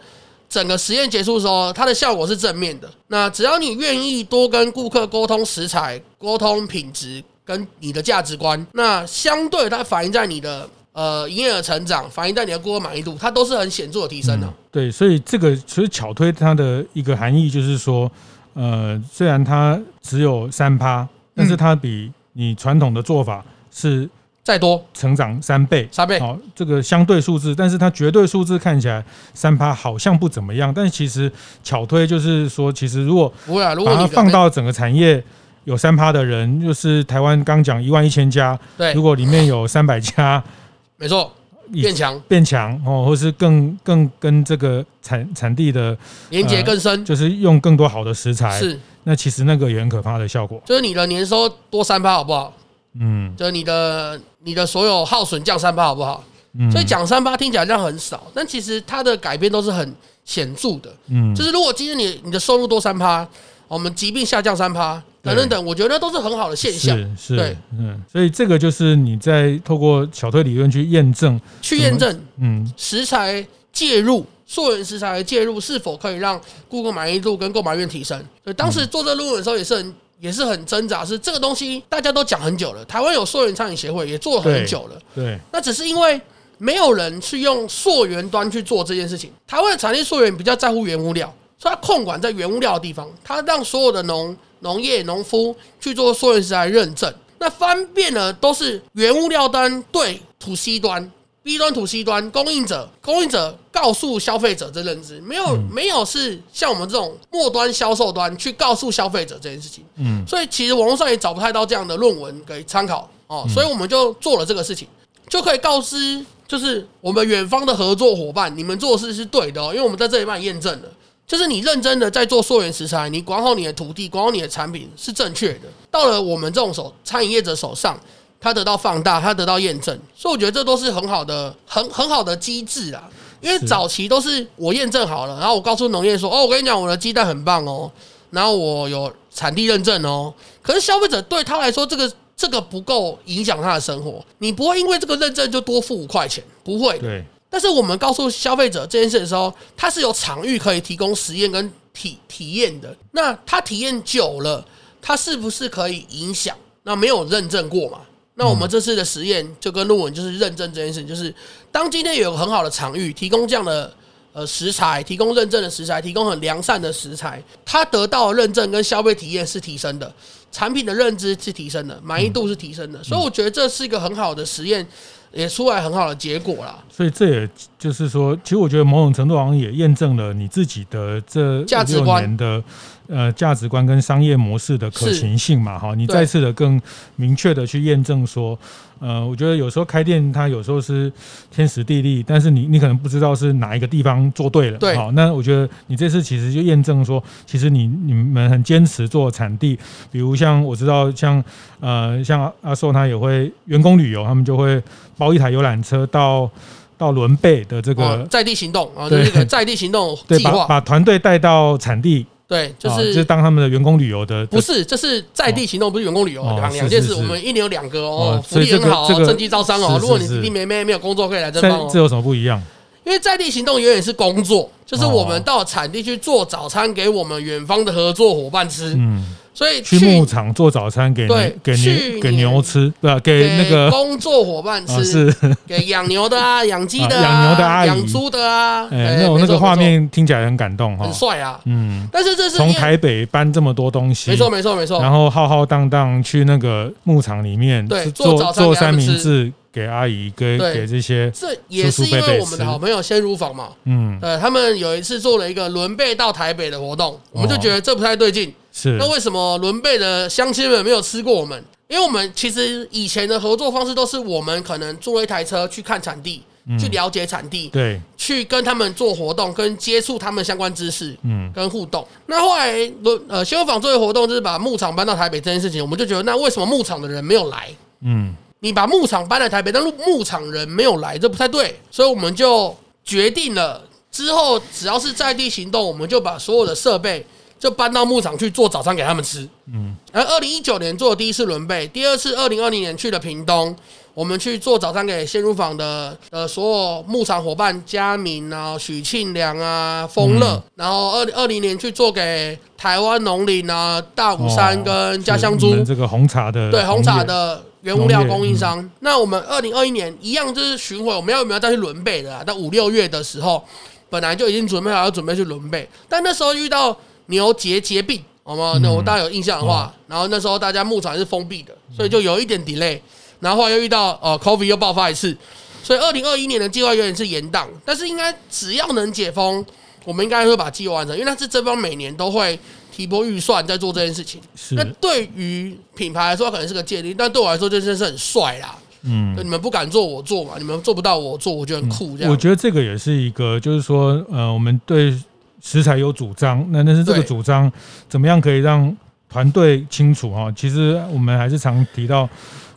整個實驗結束的時候，它的效果是正面的。那只要你願意多跟顧客溝通食材、溝通品質跟你的價值觀，那相對的它反映在你的。呃，營業額成長反映在你的顧客滿意度，它都是很顯著的提升的、嗯。對，所以這個其實巧推它的一個含義就是說，呃，雖然它只有三趴，但是它比你傳統的做法是、嗯、再多成長三倍、三倍。好，這個相對數字，但是它絕對數字看起來三趴好像不怎麼樣，但是其實巧推就是說，其實如果把它放到整個產業有三趴的人，就是台灣剛講一萬一千家，對，如果裡面有三百家。 沒錯，變強變強哦，或是更更跟這個產產地的連結，更深、呃，就是用更多好的食材。是，那其實那個也很可怕的效果，就是你的年收多三趴，好不好？嗯，就是你的你的所有耗損降三趴，好不好？嗯，所以講三趴聽起來像很少，但其實它的改變都是很顯著的。嗯，就是如果今天你你的收入多三趴，我們疾病下降三趴。對等等，我覺得都是很好的現象。是，是對，嗯，所以這個就是你在透過小推理論去驗證，去驗證，嗯，食材介入，嗯、溯源食材的介入是否可以讓顧客滿意度跟購買意願提升？所以當時做這論文的時候也是很、嗯、也是很掙扎，是這個東西大家都講很久了，台灣有溯源餐飲協會也做了很久了，對，對那只是因為沒有人去用溯源端去做這件事情。台灣的產地溯源比較在乎原物料，所以它控管在原物料的地方，它讓所有的農。農業農夫去做溯源食材認證，那翻遍呢都是原物料端對土 C 端、B 端土 C 端供應者，供應者告訴消費者這認知，沒有、嗯、沒有是像我們這種末端銷售端去告訴消費者這件事情。嗯，所以其實網絡上也找不太到這樣的論文給參考哦，所以我們就做了這個事情，嗯、就可以告知就是我們遠方的合作夥伴，你們做事是對的、哦，因為我們在這裡幫你驗證了。就是你認真的在做溯源食材，你管好你的土地，管好你的產品是正確的。到了我們這種手餐飲業者手上，它得到放大，它得到驗證。所以我覺得這都是很好的、很很好的機制啦。因為早期都是我驗證好了，然後我告訴農業說：“哦，我跟你講我的雞蛋很棒哦，然後我有產地認證哦。”可是消費者對他來說，這個這個不夠影響他的生活。你不會因為這個認證就多付五塊錢，不會。對。但是我們告訴消費者這件事的時候，他是有場域可以提供實驗跟體體驗的。那他體驗久了，他是不是可以影響？那沒有認證過嘛？那我們這次的實驗就跟論文就是認證這件事，就是當今天有個很好的場域提供這樣的呃食材，提供認證的食材，提供很良善的食材，他得到認證跟消費體驗是提升的，產品的認知是提升的，滿意度是提升的。所以我覺得這是一個很好的實驗。也出來很好的結果了，所以這也就是說，其實我覺得某種程度上也驗證了你自己的這價值觀的。呃，價值觀跟商業模式的可行性嘛，哈是，你再次的更明確的去驗證說，對呃，我覺得有時候開店它有時候是天時地利，但是你你可能不知道是哪一個地方做對了，對，好，那我覺得你這次其實就驗證說，其實你你們很堅持做產地，比如像我知道像呃像阿宋他也會員工旅遊，他們就會包一台遊覽車到到崙背的這個在地行動啊，對、哦，在地行動，對，把把團隊帶到產地。對，就是、啊、就當他們的員工旅遊的，的不是，這、就是在地行動，不是員工旅遊，兩兩件事。我們一年有兩個哦，哦福利很好啊，哦，趁機招商哦。是是是，如果你弟妹沒沒有工作可以來這邊，哦，這有什麼不一樣？因為在地行動永遠是工作，就是我們到產地去做早餐，給我們遠方的合作夥伴吃。哦、嗯。所以去牧場做早餐給給牛給牛吃，對給那個工作夥伴吃，給養牛的啊，養雞的，養牛的阿姨，養豬的啊。哎，那種那個畫面聽起來很感動哈，很帥啊。嗯，但是這是從台北搬這麼多東西，沒錯沒錯沒錯。然後浩浩蕩蕩去那個牧場裡面做做三明治給阿姨給給這些叔叔伯伯，這也是因為我們的好朋友鮮乳坊嘛。嗯，對，他們有一次做了一個輪備到台北的活動，我們就覺得這不太對勁。是，那為什麼崙背的鄉親們沒有吃過我們？因為我們其實以前的合作方式都是我們可能坐了一台車去看產地，嗯、去了解產地，對，去跟他們做活動，跟接觸他們相關知識，嗯，跟互動。那後來崙呃修房作為活動，就是把牧場搬到台北這件事情，我們就覺得，那為什麼牧場的人沒有來？嗯，你把牧場搬來台北，但牧場人沒有來，這不太對。所以我們就決定了之後，只要是在地行動，我們就把所有的設備。嗯就搬到牧場去做早餐給他們吃，嗯，而二零一九年做的第一次輪備，第二次二零二零年去了屏東，我們去做早餐給鮮乳坊的呃所有牧場夥伴嘉明啊、許慶良啊、豐樂，然後二零二零年去做給台灣農林啊、大武山跟家鄉豬這個紅茶的對紅茶的原物料供應商。那我們二零二一年一樣就是巡回，我們要有沒有要再去輪備的啊？到五六月的時候，本來就已經準備好要準備去輪備，但那時候遇到。牛結節病，好嗎？嗯、那我大家有印象的話，哦、然後那時候大家牧場是封閉的，嗯、所以就有一點 delay，然後，後來又遇到呃 COVID 又爆發一次，所以二零二一年的計劃有點是延宕，但是應該只要能解封，我們應該會把計劃完成，因為它是這方每年都會提撥預算在做這件事情。那是對於品牌來說，可能是個建立，但對我來說，這件事很帥啦。嗯，就你們不敢做我做嘛，你們做不到我做，我覺得很酷。這樣子、嗯，我覺得這個也是一個，就是說，呃，我們對。食材有主張，那但是這個主張怎麼樣可以讓團隊清楚哈，對其實我們還是常提到，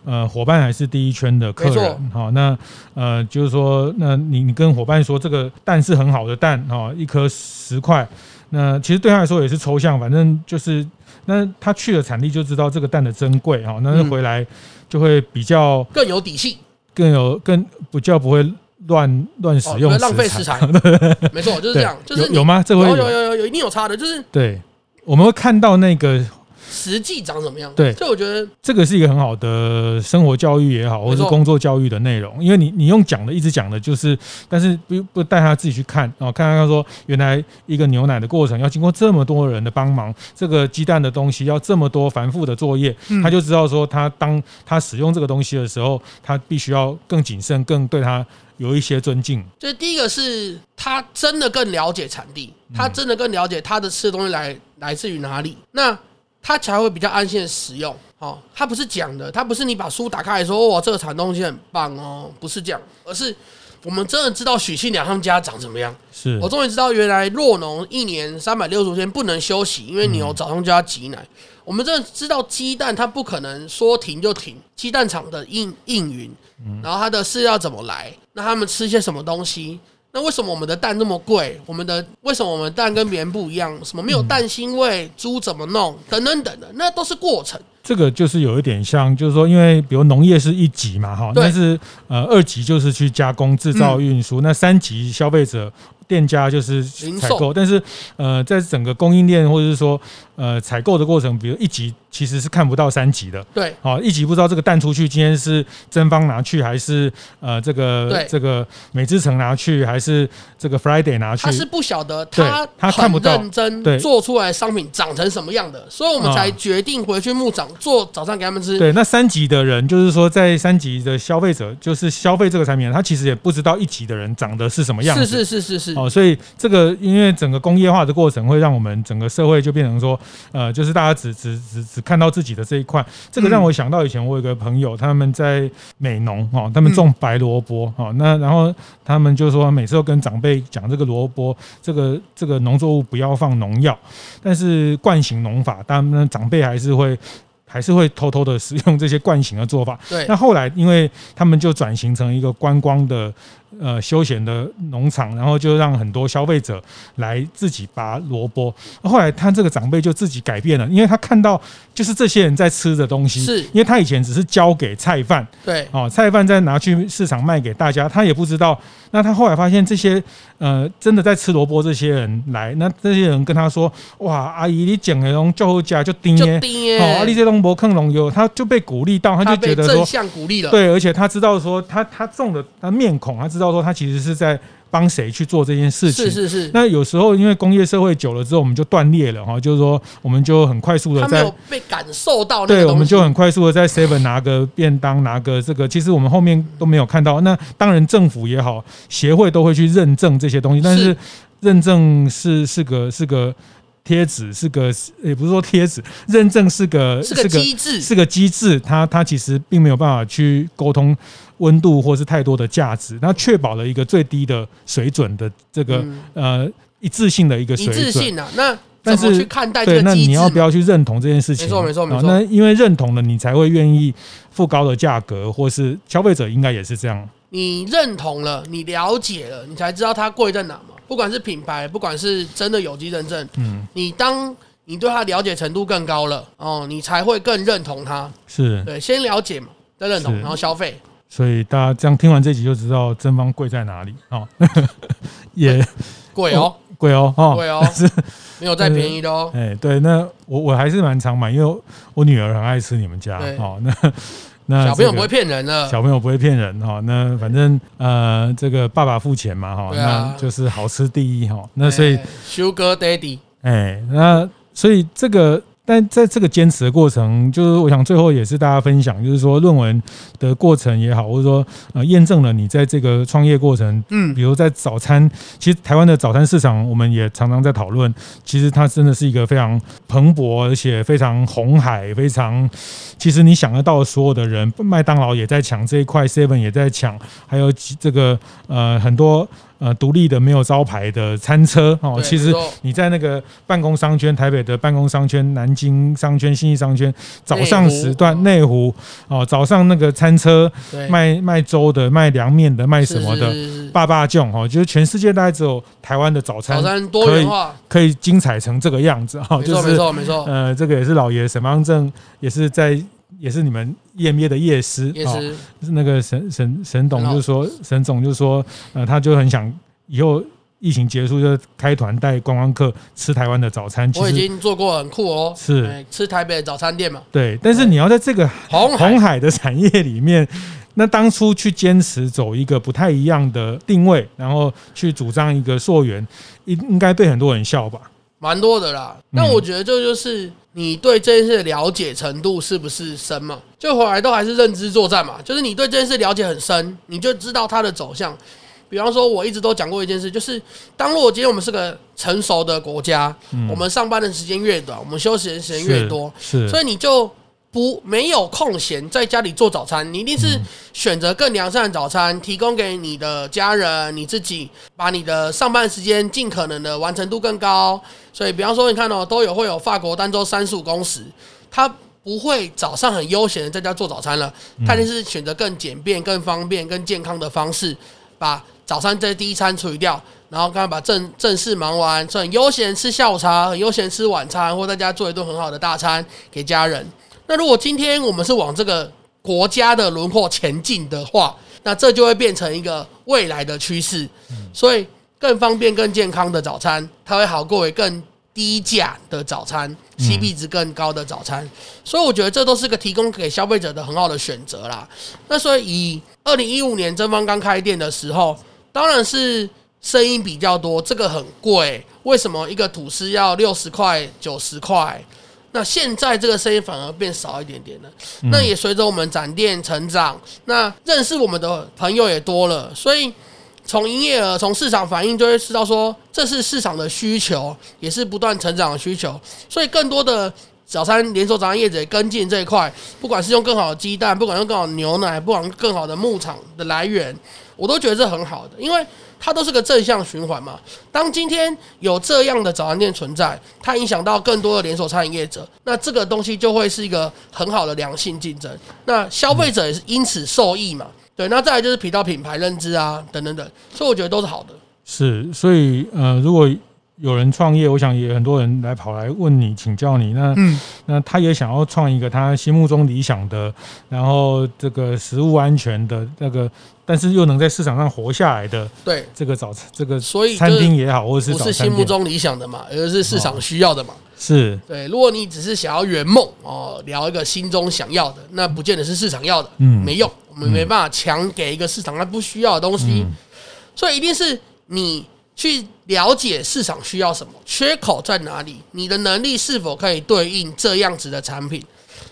呃，夥伴還是第一圈的客人，哈錯、哦，那呃，就是說，那你你跟夥伴說這個蛋是很好的蛋哈、哦，一顆十塊，那其實對他來說也是抽象，反正就是，那他去了產地就知道這個蛋的珍貴哈、哦，那是回來就會比較更有底氣，更有更不叫不會。亂亂使用、哦，有有浪費時長，沒錯，就是這樣，對對就是有，有嗎？這回有有有有一定有，有差的，就是對，我們會看到那個實際長什麼樣。對，所以我覺得這個是一個很好的生活教育也好，或是工作教育的內容，錯因為你你用講的一直講的就是，但是不不帶他自己去看啊、哦，看他他說，原來一個牛奶的過程要經過這麼多人的幫忙，這個雞蛋的東西要這麼多繁複的作業，嗯、他就知道說他當他使用這個東西的時候，他必須要更謹慎，更對他。有一些尊敬，所以第一個是他真的更了解產地，他真的更了解他的吃的東西來來自於哪裡，那他才會比較安心的食用。哦，他不是講的，他不是你把書打開來說，哦，這個產東西很棒哦，不是這樣，而是我們真的知道許慶良他們家長怎麼樣。是我終於知道，原來酪農一年三百六十五天不能休息，因為你有早上就要擠奶。我們真的知道雞蛋它不可能說停就停，雞蛋廠的應應然後它的飼料怎麼來？那他們吃些什麼東西？那為什麼我們的蛋那麼貴？我們的為什麼我們的蛋跟別人不一樣？什麼沒有蛋腥味？豬、嗯、怎麼弄？等等等等的，那都是過程。這個就是有一點像，就是說，因為比如農業是一級嘛，哈對，但是呃，二級就是去加工、製造、運輸，嗯、那三級消費者店家就是採購，售但是呃，在整個供應鏈或者是說呃採購的過程，比如一級。其實是看不到三級的，對，哦，一級不知道這個蛋出去，今天是真芳拿去還是呃這個對這個美之城拿去還是這個 Friday 拿去？他是不曉得他，他他看不到認真做出來的商品長成什麼樣的，對所以我們才決定回去牧場做早餐給他們吃。嗯、對，那三級的人就是說，在三級的消費者就是消費這個產品，他其實也不知道一級的人長得是什麼樣子，是，是是是是是。哦，所以這個因為整個工業化的過程會讓我們整個社會就變成說，呃，就是大家只只只只。只看到自己的這一塊，這個讓我想到以前我有個朋友，他們在美濃哈，他們種白蘿蔔哈，那然後他們就說，每次都跟長輩講這個蘿蔔，這個這個農作物不要放農藥，但是慣行農法，他們長輩還是會還是會偷偷的使用這些慣行的做法。對，那後來因為他們就轉型成一個觀光的。呃，休閒的農場，然後就讓很多消費者來自己拔蘿蔔。後來他這個長輩就自己改變了，因為他看到就是這些人在吃的東西，是因為他以前只是交給菜販，對，哦，菜販再拿去市場賣給大家，他也不知道。那他後來發現這些呃，真的在吃蘿蔔這些人來，那這些人跟他說：“哇，阿姨，你撿了龍就回家就甜耶，哦，你這龍伯坑龍有，他就被鼓勵到，他就覺得說正向鼓勵了，對，而且他知道說他他種的他面孔他是。”知道說他其實是在幫誰去做這件事情？是是是。那有時候因為工業社會久了之後，我們就斷裂了哈。就是說，我們就很快速的在他沒有被感受到。對，我們就很快速的在 seven 拿個便當，拿個這個。其實我們後面都沒有看到。那當然，政府也好，協會都會去認證這些東西，但是認證是是個是個貼紙，是個也不是說貼紙認證是個是個機制是個是個是個是個機制。它它其實並沒有辦法去溝通。溫度，或是太多的價值，那確保了一個最低的水準的這個、嗯、呃一致性的一個水準啊。那怎麼去看待是這個對，那你要不要去認同這件事情？沒錯沒錯、哦、沒錯錯。那因為認同了，你才會願意付高的價格，或是消費者應該也是這樣。你認同了，你了解了，你才知道它貴在哪嘛。不管是品牌，不管是真的有機認證，嗯，你當你對它了解程度更高了哦，你才會更認同它。是對，先了解嘛，再認同，是然後消費。所以大家這樣聽完這集就知道真芳貴在哪裡哈，也貴哦，貴哦、欸，哈、喔，貴哦、喔，但是沒有再便宜的哦、喔。哎、欸，對，那我我還是蠻常買，因為我女兒很愛吃你們家哈對、喔，那那、這個、小朋友不會騙人的，小朋友不會騙人哈、喔。那反正對呃，這個爸爸付錢嘛哈，喔啊、那就是好吃第一哈、喔。那所以，Sugar Daddy，欸欸、那所以這個。但在這個堅持的過程，就是我想最後也是大家分享，就是說論文的過程也好，或者說呃驗證了你在這個創業過程，嗯，比如在早餐，其實台灣的早餐市場，我們也常常在討論，其實它真的是一個非常蓬勃，而且非常紅海，非常，其實你想得到所有的人，麥當勞也在搶這一塊，seven 也在搶，還有這個呃很多。呃，獨立的沒有招牌的餐車哦，對其實你在那個辦公商圈，錯台北的辦公商圈，南京商圈，信義商圈早上時段內湖哦，哦，早上那個餐車對賣賣粥的、賣涼麵的、賣什麼的，是是是是爸爸醬哦，就是全世界大概只有臺灣的早餐，早餐多元化可以可以精彩成這個樣子哈，沒錯沒錯沒錯，呃，這個也是老爺沈方正也是在。也是你們夜咩的夜師思、哦，那個沈沈沈董就說，沈好總就說，呃，他就很想以後疫情結束就開團帶觀光客吃台灣的早餐。我已經做過很酷哦、喔，是、欸、吃台北的早餐店嘛？對，但是你要在這個、欸、紅海紅海的產業裡面，那當初去堅持走一個不太一樣的定位，然後去主張一個溯源，應應該被很多人笑吧？蠻多的啦。那我覺得這就是。嗯你對這件事的了解程度是不是深嘛？就回來都還是認知作戰嘛，就是你對這件事了解很深，你就知道它的走向。比方說，我一直都講過一件事，就是，當我今天我們是個成熟的國家，嗯、我們上班的時間越短，我們休息的時間越多，是是所以你就。不沒有空閒在家裡做早餐，你一定是選擇更良善的早餐提供給你的家人，你自己把你的上班時間盡可能的完成度更高。所以，比方說你看哦，都有會有法國單周三十五工時，他不會早上很悠閒的在家做早餐了，他一定是選擇更簡便、更方便、更健康的方式，把早餐這第一餐處理掉，然後剛剛把正正事忙完，所以很悠閒吃下午茶，很悠閒吃晚餐，或在家做一頓很好的大餐給家人。那如果今天我們是往這個國家的輪廓前進的話，那這就會變成一個未來的趨勢。所以更方便、更健康的早餐，它會好過於更低價的早餐、CP 值更高的早餐。所以我覺得這都是個提供給消費者的很好的選擇啦。那所以以二零一五年真芳剛開店的時候，當然是聲音比較多，這個很貴。為什麼一個吐司要六十塊、九十塊？那現在這個生意反而變少一點點了，嗯、那也隨着我們展店成長，那認識我們的朋友也多了，所以從營業額、從市場反應就會知道說，這是市場的需求，也是不斷成長的需求。所以更多的早餐連鎖早餐業者也跟進這一塊，不管是用更好的雞蛋，不管用更好的牛奶，不管更好的牧場的來源，我都覺得這很好的，因為。它都是個正向循環嘛。當今天有這樣的早餐店存在，它影響到更多的連鎖餐飲業者，那這個東西就會是一個很好的良性競爭。那消費者也是因此受益嘛。嗯、對，那再來就是提到品牌認知啊，等等等，所以我覺得都是好的。是，所以呃，如果。有人創業，我想也很多人來跑來問你，請教你。那，嗯，那他也想要創一個他心目中理想的，然後這個食物安全的，那個但是又能在市場上活下來的，對，這，這個早餐這個所以餐廳也好，就是，或者是不是心目中理想的嘛，而是市場需要的嘛。哦，是，對。如果你只是想要圓夢哦，聊一個心中想要的，那不見得是市場要的，嗯，沒用，我們沒辦法強給一個市場他不需要的東西，嗯、所以一定是你。去了解市場需要什麼，缺口在哪裡，你的能力是否可以對應這樣子的產品，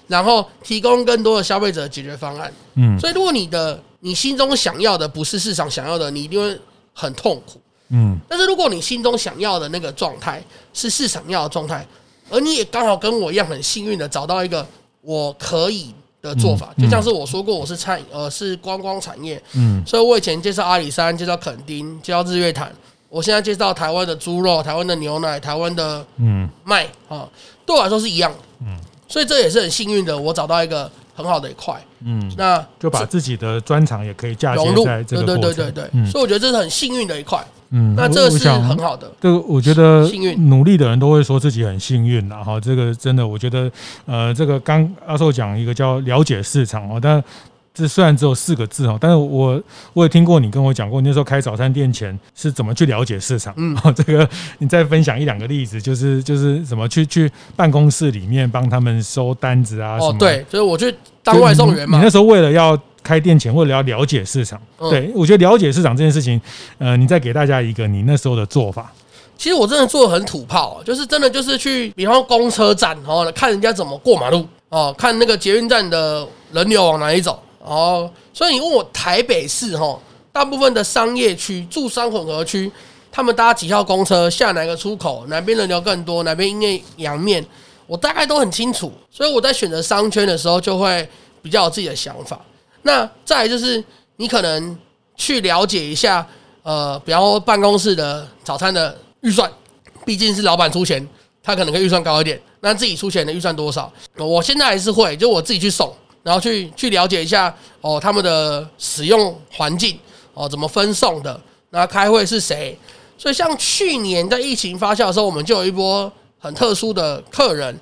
然後提供更多的消費者的解決方案。嗯，所以如果你的你心中想要的不是市場想要的，你一定會很痛苦。嗯，但是如果你心中想要的那個狀態是市場要的狀態，而你也剛好跟我一樣很幸運的找到一個我可以的做法，嗯，嗯，就像是我說過，我是餐飲呃是觀光產業。嗯，所以我以前介紹阿里山，介紹墾丁，介紹日月潭。我現在介紹台灣的豬肉，台灣的牛奶，台灣的嗯麥啊，對我來說是一樣，嗯，所以這也是很幸運的，我找到一個很好的一塊，嗯，那是就把自己的專長也可以嫁接在這個過程，對對對對對，嗯，所以我覺得這是很幸運的一塊，嗯，那這個是很好的，這個我覺得幸運努力的人都會說自己很幸運，啊，然後這個真的我覺得，呃，這個剛阿壽講一個叫了解市場哦，但。這雖然只有四個字哦，但是我我也聽過你跟我講過，你那時候開早餐店前是怎麼去了解市場？嗯、哦，這個你再分享一兩個例子，就是就是怎麼去去辦公室裡面幫他們收單子啊什麼？哦，對，就是我去當外送員嘛你。你那時候為了要開店前，為了要了解市場，嗯、對我覺得了解市場這件事情，呃，你再給大家一個你那時候的做法。其實我真的做得很土炮，就是真的就是去，比方說公車站哈，看人家怎麼過馬路哦，看那個捷運站的人流往哪裡走。哦，oh, 所以你問我台北市齁，大部分的商業區、住商混合區，他們搭幾號公車下哪個出口，哪邊人流更多，哪邊陰面陽面，我大概都很清楚。所以我在選擇商圈的時候，就會比較有自己的想法。那再來就是，你可能去了解一下，呃，比方說辦公室的早餐的預算，畢竟是老闆出錢，他可能可以預算高一點，那自己出錢的預算多少？我現在還是會，就我自己去送。然後去去了解一下哦，他們的使用環境哦，怎麼分送的？那開會是誰？所以像去年在疫情發酵的時候，我們就有一波很特殊的客人，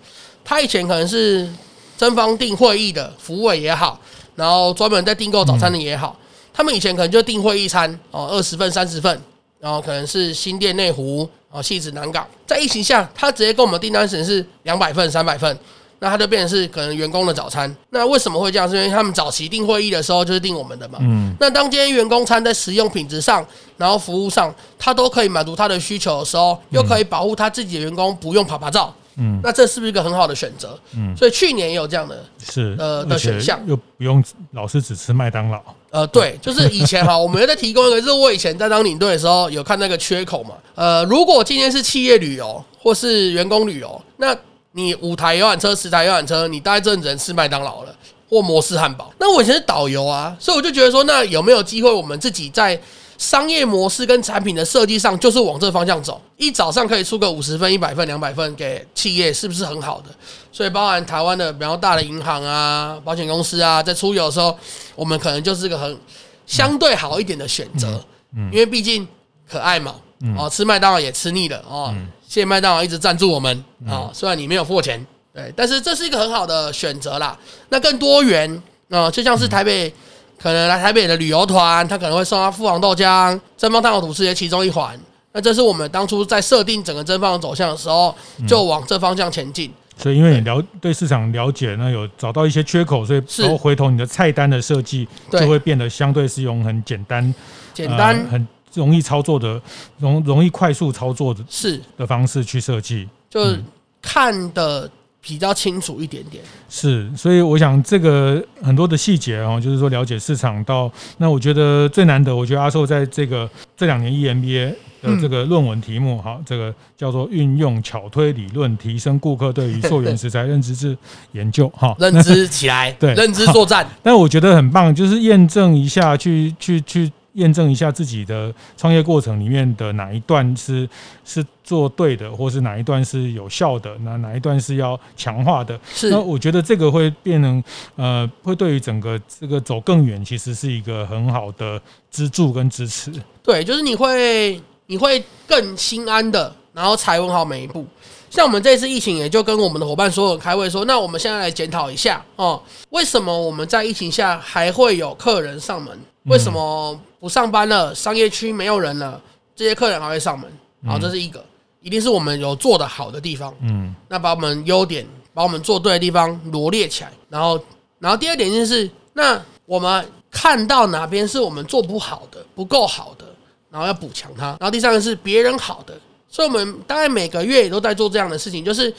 他以前可能是真芳訂會議的，服務也好，然後專門在訂購早餐的也好，他們以前可能就訂會議餐哦，二十份、三十份，然後可能是新店內湖哦，汐止南港，在疫情下，他直接跟我們訂單顯示兩百份、三百份。那它就變成是可能員工的早餐。那為什麼會這樣？是因為他們早期訂會議的時候就是訂我們的嘛。嗯。那當今天員工餐在食用品質上，然後服務上，他都可以滿足他的需求的時候，又可以保護他自己的員工不用趴趴走。嗯。那這是不是一個很好的選擇？嗯。所以去年也有這樣的。是。呃。的選項。又不用老是只吃麥當勞。呃，對，就是以前哈，我們也在提供一個，就是 我以前在當領隊的時候有看那個缺口嘛。呃，如果今天是企業旅遊或是員工旅遊，那。你五台遊覽車，十台遊覽車，你大概這陣只能吃麥當勞了，或摩斯漢堡。那我以前是導遊啊，所以我就覺得說，那有沒有機會我們自己在商業模式跟產品的設計上，就是往這方向走？一早上可以出個五十份、一百份、兩百份給企業，是不是很好的？所以，包含台灣的比較大的銀行啊、保險公司啊，在出遊的時候，我們可能就是個很相對好一點的選擇。嗯。嗯，嗯，因為畢竟可愛嘛，哦，吃麥當勞也吃膩了哦。嗯嗯謝謝麥當勞一直贊助我們啊、嗯哦，雖然你沒有付錢，對，但是這是一個很好的選擇啦。那更多元啊、呃，就像是台北、嗯、可能來台北的旅遊團，他可能會送他阜杭豆漿、真芳碳烤吐司的其中一環。那這是我們當初在設定整個真芳的走向的時候，嗯、就往這方向前進。所以因為你了對，對市場了解呢，那有找到一些缺口，所以之後回頭你的菜單的設計就會變得相對是用很簡單、簡單、呃、很。容易操作的，容容易快速操作的是的方式去設計，就是看得比較清楚一點點。嗯、是，所以我想這個很多的細節哦，就是說了解市場到那，我覺得最難得，我覺得阿瘦在這個這兩年 EMBA 的這個論文題目哈、嗯，這個叫做運用巧推理論提升顧客對於溯源食材認知之研究哈， 認知起來對認知作戰，但我覺得很棒，就是驗證一下去去去。去驗證一下自己的創業過程裡面的哪一段是是做對的，或是哪一段是有效的，那哪，哪一段是要強化的？是，那我覺得這個會變成呃，會對於整個這個走更遠，其實是一個很好的支柱跟支持。對，就是你會你會更心安的，然後才問好每一步。像我們這次疫情，也就跟我們的夥伴所有人開會說，那我們現在來檢討一下哦，為什麼我們在疫情下還會有客人上門？嗯、為什麼不上班了？商業區沒有人了，這些客人還會上門，嗯、然後這是一個，一定是我們有做得好的地方。嗯，那把我們優點，把我們做對的地方羅列起來，然後，然後第二點就是，那我們看到哪邊是我們做不好的，不夠好的，然後要補強它。然後第三個是別人好的，所以我們大概每個月也都在做這樣的事情，就是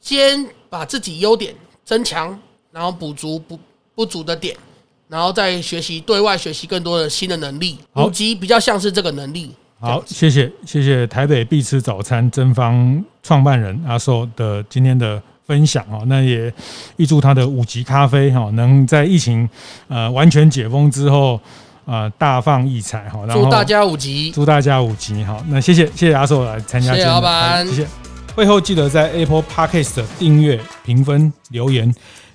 先把自己優點增強，然後補足不不足的點。然後再學習對外學習更多的新的能力，五級比較像是這個能力好。好，謝謝謝謝台北必吃早餐真芳創辦人阿瘦的今天的分享、哦、那也預祝他的五級咖啡哈、哦、能在疫情呃完全解封之後呃大放異彩哈、哦，然後祝大家五級，祝大家五級好，那謝謝謝謝阿瘦來參加今天的謝謝老板，謝謝會後記得在 Apple Podcast 訂閱、評分、留言。